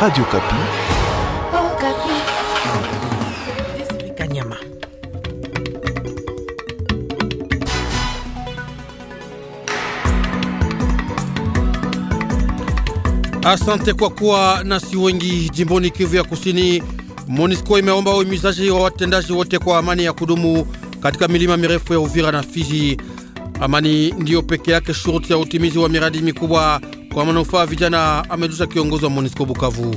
Radio Kapi. Oh, Kapi. Kanyama. Asante kwa kuwa nasi wengi. Jimboni Kivu ya Kusini, Monisco imeomba uhimizaji wa watendaji wote kwa amani ya kudumu katika milima mirefu ya Uvira na Fizi. Amani ndiyo peke yake shuruti ya utimizi wa miradi mikubwa kwa manufaa vijana, amejuza kiongozi wa MONUSCO Bukavu.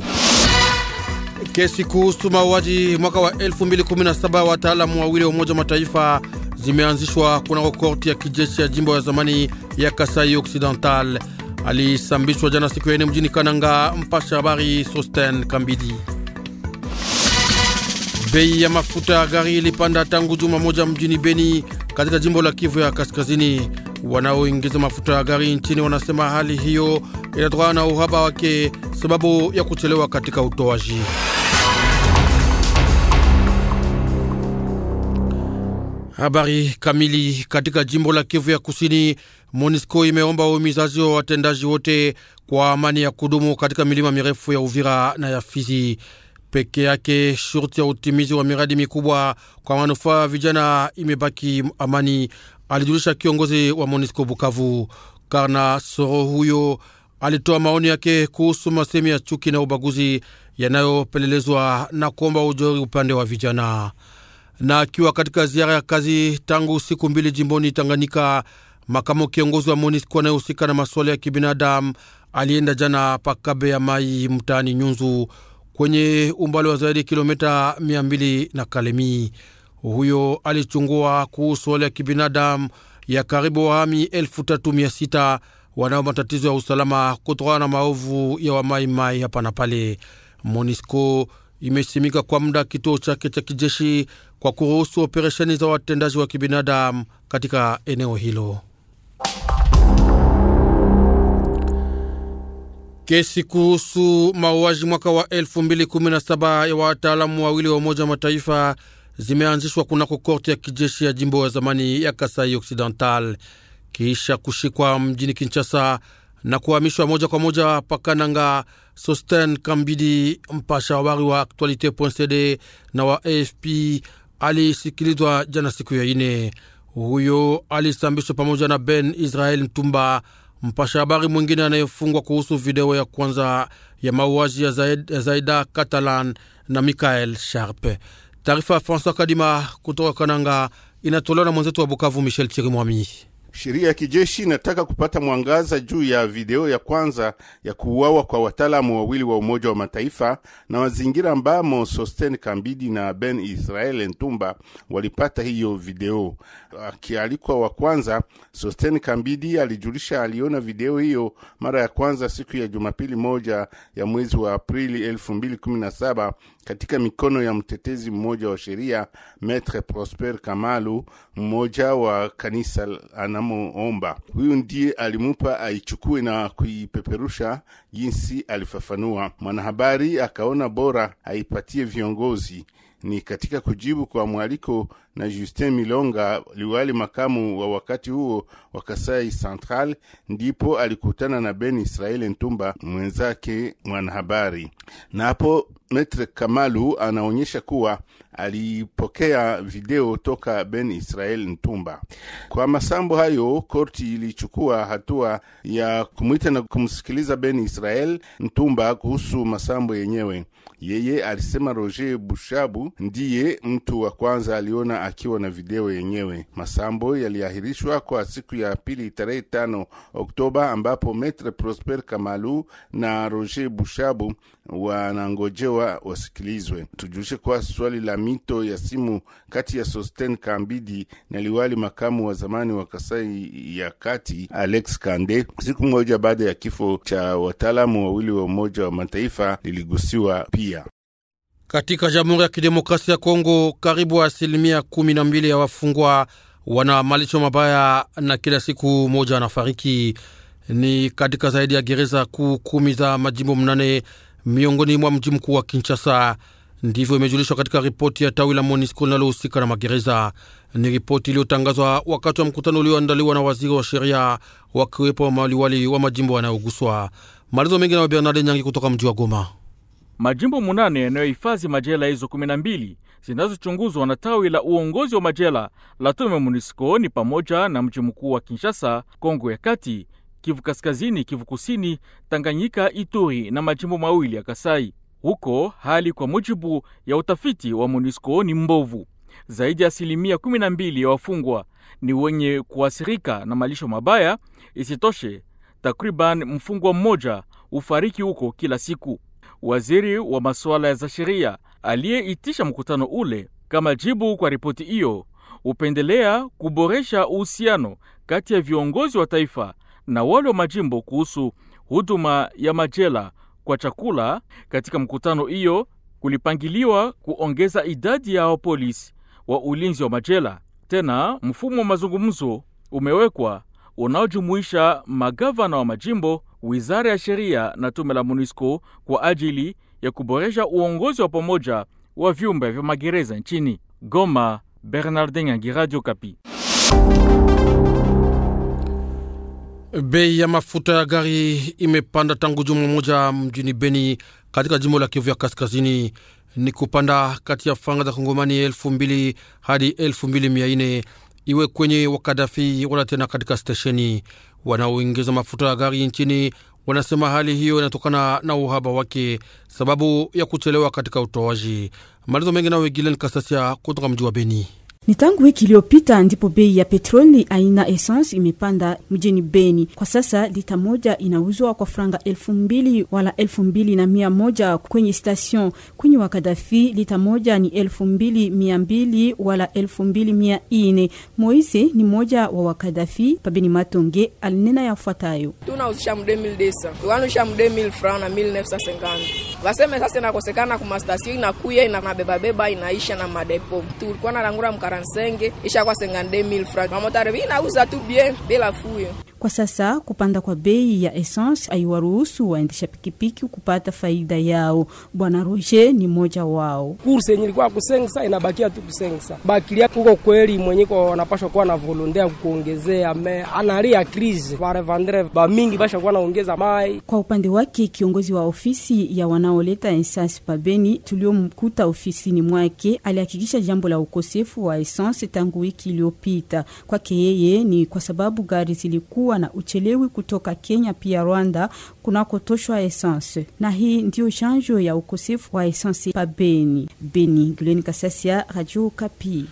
Kesi kuhusu mauaji mwaka wa 2017 wataalamu wawili wa Umoja wa Mataifa zimeanzishwa kunako korti ya kijeshi ya jimbo ya zamani ya Kasai Occidental. Alisambishwa jana siku ya ine mjini Kananga. Mpasha habari Sosten Kambidi. Bei ya mafuta ya gari ilipanda tangu juma moja mjini Beni katika jimbo la Kivu ya Kaskazini. Wanaoingiza mafuta ya gari nchini wanasema hali hiyo inatokana na uhaba wake, sababu ya kuchelewa katika utoaji. Habari kamili. Katika jimbo la Kivu ya Kusini, MONUSCO imeomba uhimizaji wa watendaji wote kwa amani ya kudumu katika milima mirefu ya Uvira na ya Fizi peke yake shurti ya utimizi wa miradi mikubwa kwa manufaa ya vijana imebaki amani, alijulisha kiongozi wa MONUSCO Bukavu. Karna Soro huyo alitoa maoni yake kuhusu masemi ya chuki na ubaguzi yanayopelelezwa na kuomba ujeuri upande wa vijana. Na akiwa katika ziara ya kazi tangu siku mbili jimboni Tanganyika, makamo kiongozi wa MONUSCO anayehusika na masuala ya kibinadamu alienda jana pakabe ya mai mtaani Nyunzu kwenye umbali wa zaidi kilomita 200 na Kalemi. Huyo alichungua kuhusu wale ya kibinadamu ya karibu wahami 36 wanao matatizo ya usalama kutokana na maovu ya wamaimai hapa na pale. monisco imesimika kwa muda kituo chake cha kijeshi kwa kuruhusu operesheni za watendaji wa kibinadamu katika eneo hilo. Kesi kuhusu mauaji mwaka wa 2017 ya wataalamu wawili wa Umoja wa Mataifa zimeanzishwa kunako korte ya kijeshi ya jimbo ya zamani ya Kasai Occidental kisha kushikwa mjini Kinshasa na kuhamishwa moja kwa moja Pakananga. Sosten Kambidi, mpasha habari wa Actualite.cd na wa AFP, alisikilizwa jana siku ya ine. Huyo alisambishwa pamoja na Ben Israel Mtumba Mpasha habari mwingine anayefungwa kuhusu video ya kwanza ya mauaji ya Zaida Catalan na Michael Sharpe. Taarifa ya Francois Kadima kutoka Kananga inatolewa na mwenzetu wa Bukavu, Michel Chirimwami. Sheria ya kijeshi inataka kupata mwangaza juu ya video ya kwanza ya kuuawa kwa wataalamu wawili wa Umoja wa Mataifa na mazingira ambamo Sosten Kambidi na Ben Israel Ntumba walipata hiyo video. Akialikwa wa kwanza, Sosten Kambidi alijulisha aliona video hiyo mara ya kwanza siku ya Jumapili moja ya mwezi wa Aprili katika mikono ya mtetezi mmoja wa sheria Maitre Prosper Kamalu, mmoja wa kanisa anamoomba. Huyu ndiye alimupa aichukue na kuipeperusha, jinsi alifafanua. Mwanahabari akaona bora aipatie viongozi. Ni katika kujibu kwa mwaliko na Justin Milonga, liwali makamu wa wakati huo wa Kasai Central, ndipo alikutana na Ben Israel Ntumba mwenzake mwanahabari. Na hapo Metre Kamalu anaonyesha kuwa alipokea video toka Ben Israel Ntumba. Kwa masambo hayo, korti ilichukua hatua ya kumwita na kumsikiliza Ben Israel Ntumba kuhusu masambo yenyewe. Yeye alisema Roger Bushabu ndiye mtu wa kwanza aliona akiwa na video yenyewe. Masambo yaliahirishwa kwa siku ya pili tarehe tano Oktoba, ambapo Metre Prosper Kamalu na Roger Bushabu wanangojewa wasikilizwe. Tujulishe kwa swali la mito ya simu kati ya Sosten Kambidi na liwali makamu wa zamani wa Kasai ya Kati Alex Kande siku moja baada ya kifo cha wataalamu wawili wa Umoja wa Mataifa liligusiwa pia. Katika Jamhuri ya Kidemokrasia ya Kongo, karibu asilimia kumi na mbili ya wafungwa wana malisho mabaya na kila siku moja wanafariki. Ni katika zaidi ya gereza kuu kumi za majimbo mnane miongoni mwa mji mkuu wa Kinshasa. Ndivyo imejulishwa katika ripoti ya tawi la MONUSCO linalohusika na magereza. Ni ripoti iliyotangazwa wakati wa mkutano ulioandaliwa na waziri wa sheria, wakiwepo maliwali wa majimbo yanayoguswa. Malizo mengi nayo Bernard Nyangi kutoka mji wa Goma. Majimbo munane yanayohifadhi majela hizo 12 zinazochunguzwa na tawi la uongozi wa majela la tume MONUSCO ni pamoja na mji mkuu wa Kinshasa, Kongo ya Kati, Kivu Kaskazini, Kivu Kusini, Tanganyika, Ituri na majimbo mawili ya Kasai. Huko hali kwa mujibu ya utafiti wa MONUSCO ni mbovu. Zaidi ya asilimia 12 ya wafungwa ni wenye kuathirika na malisho mabaya. Isitoshe, takriban mfungwa mmoja hufariki huko kila siku waziri wa masuala ya za sheria aliyeitisha mkutano ule kama jibu kwa ripoti hiyo hupendelea kuboresha uhusiano kati ya viongozi wa taifa na wale wa majimbo kuhusu huduma ya majela kwa chakula. Katika mkutano hiyo kulipangiliwa kuongeza idadi ya wapolisi wa ulinzi wa majela. Tena mfumo wa mazungumzo umewekwa unaojumuisha magavana wa majimbo wizara ya sheria na tume la MONUSCO kwa ajili ya kuboresha uongozi wa pamoja wa vyumba vya magereza nchini. Goma, Bernard Nyangi, Radio Kapi. Bei ya mafuta ya gari imepanda tangu juma moja mjini Beni katika jimbo la Kivu ya Kaskazini, ni kupanda kati ya fanga za Kongomani elfu mbili hadi elfu mbili mia nne iwe kwenye wakadafi wala tena katika stesheni. Wanaoingiza mafuta ya gari nchini wanasema hali hiyo inatokana na uhaba wake, sababu ya kuchelewa katika utoaji. Maelezo mengi nayo Gilen Kasasia kutoka mji wa Beni. Ni tangu wiki iliyopita ndipo bei ya petroli aina essence imepanda mjini Beni. Kwa sasa lita moja inauzwa kwa franga elfu mbili wala elfu mbili na mia moja kwenye station. Kwenye wakadafi lita moja ni elfu mbili mia mbili wala elfu mbili mia ine. Moise ni moja wa Wakadhafi pabeni Matonge alinena yafuatayo: tunauzisha mu 2200 wanusha mu 2000 francs na 1950 vaseme sasa inakosekana kumastasio inakuya inabebabeba inaisha na madepo tulikuwa na langura mkara 45 des 52000 francs. Mama tarabina a tout bien la fouille. Kwa sasa kupanda kwa bei ya essence haiwaruhusu waendesha pikipiki kupata faida yao. Bwana Roger ni mmoja wao. kursi yenye ilikuwa kusengsa inabakia tu kusengsa bakilia kuko kweli mwenye kwa wanapashwa kuwa na volontea kuongezea me analia krizi barevandre bamingi basha kuwa naongeza mai. Kwa upande wake kiongozi wa ofisi ya wanaoleta essence pabeni tuliomkuta ofisini mwake alihakikisha jambo la ukosefu wa essence tangu wiki iliyopita. Kwake yeye ni kwa sababu gari zilikuwa kuwa na uchelewi kutoka Kenya pia Rwanda kunakotoshwa esanse, na hii ndio chanjo ya ukosefu wa esanse pa Beni. Beni, Guleni Kasasia, Radio Kapi.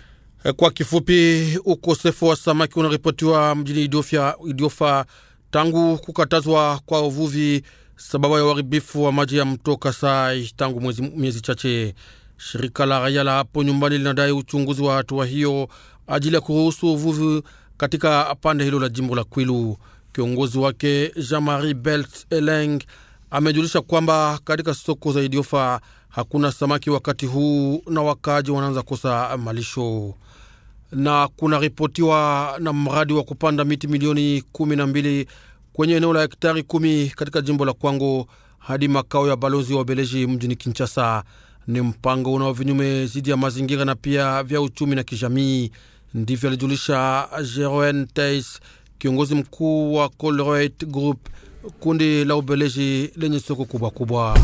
Kwa kifupi, ukosefu wa samaki unaripotiwa mjini Idiofa, Idiofa tangu kukatazwa kwa uvuvi sababu ya uharibifu wa maji ya mto Kasai tangu mwezi, miezi chache. Shirika la raia la hapo nyumbani linadai uchunguzi wa hatua hiyo ajili ya kuruhusu uvuvi katika pande hilo la jimbo la Kwilu. Kiongozi wake Jean-Marie Belt Eleng amejulisha kwamba katika soko za Idiofa hakuna samaki wakati huu na wakaaji wanaanza kosa malisho, na kuna ripotiwa na mradi wa kupanda miti milioni kumi na mbili kwenye eneo la hektari kumi katika jimbo la Kwango hadi makao ya balozi wa Ubeleji mjini Kinshasa. Ni mpango unao vinyume zidi ya mazingira na pia vya uchumi na kijamii. Ndivyo alijulisha Jeroen Tais, kiongozi mkuu wa Colruyt Group, kundi la Ubeleji lenye soko kubwa kubwa.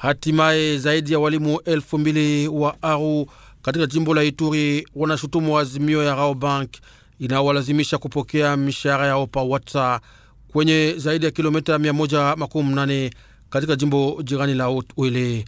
Hatimaye, zaidi ya walimu elfu mbili wa Aru katika jimbo la Ituri wanashutumu azimio ya Bank inayowalazimisha kupokea mishahara yao pa Watsa kwenye zaidi ya kilomita 180 katika jimbo jirani la Utwili.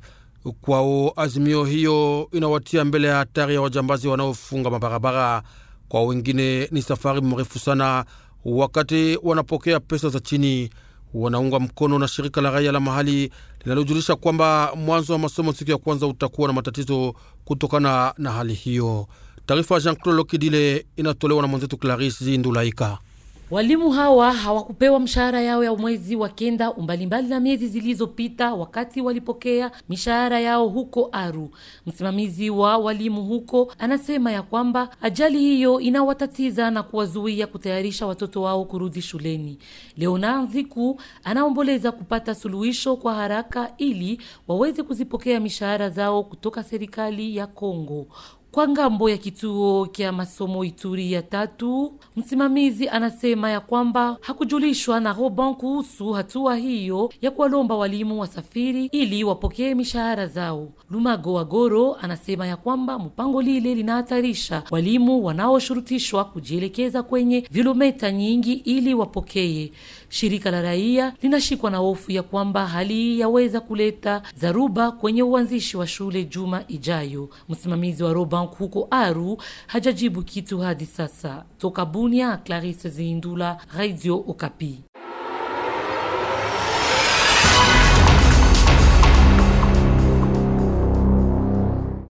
Kwao azimio hiyo inawatia mbele ya hatari ya wajambazi wanaofunga mabarabara. Kwa wengine ni safari mrefu sana, wakati wanapokea pesa za chini. Wanaunga mkono na shirika la raia la mahali linalojulisha kwamba mwanzo wa masomo siku ya kwanza utakuwa na matatizo kutokana na hali hiyo. Taarifa ya Jean Claude Lokidile inatolewa na mwenzetu Clarisse Ndulaika. Walimu hawa hawakupewa mshahara yao ya mwezi wa kenda umbalimbali na miezi zilizopita wakati walipokea mishahara yao huko Aru. Msimamizi wa walimu huko anasema ya kwamba ajali hiyo inawatatiza na kuwazuia kutayarisha watoto wao kurudi shuleni. Leonard Ziku anaomboleza kupata suluhisho kwa haraka ili waweze kuzipokea mishahara zao kutoka serikali ya Kongo kwa ngambo ya kituo kya masomo Ituri ya tatu. Msimamizi anasema ya kwamba hakujulishwa na Roban kuhusu hatua hiyo ya kuwalomba walimu wasafiri ili wapokee mishahara zao. Lumago Wagoro anasema ya kwamba mpango lile linahatarisha walimu wanaoshurutishwa kujielekeza kwenye vilometa nyingi ili wapokee shirika la raia linashikwa na hofu ya kwamba hali hii yaweza kuleta dharuba kwenye uanzishi wa shule juma ijayo. Msimamizi wa Robank huko Aru hajajibu kitu hadi sasa. Toka Bunia, Clarisse Zindula, Radio Okapi.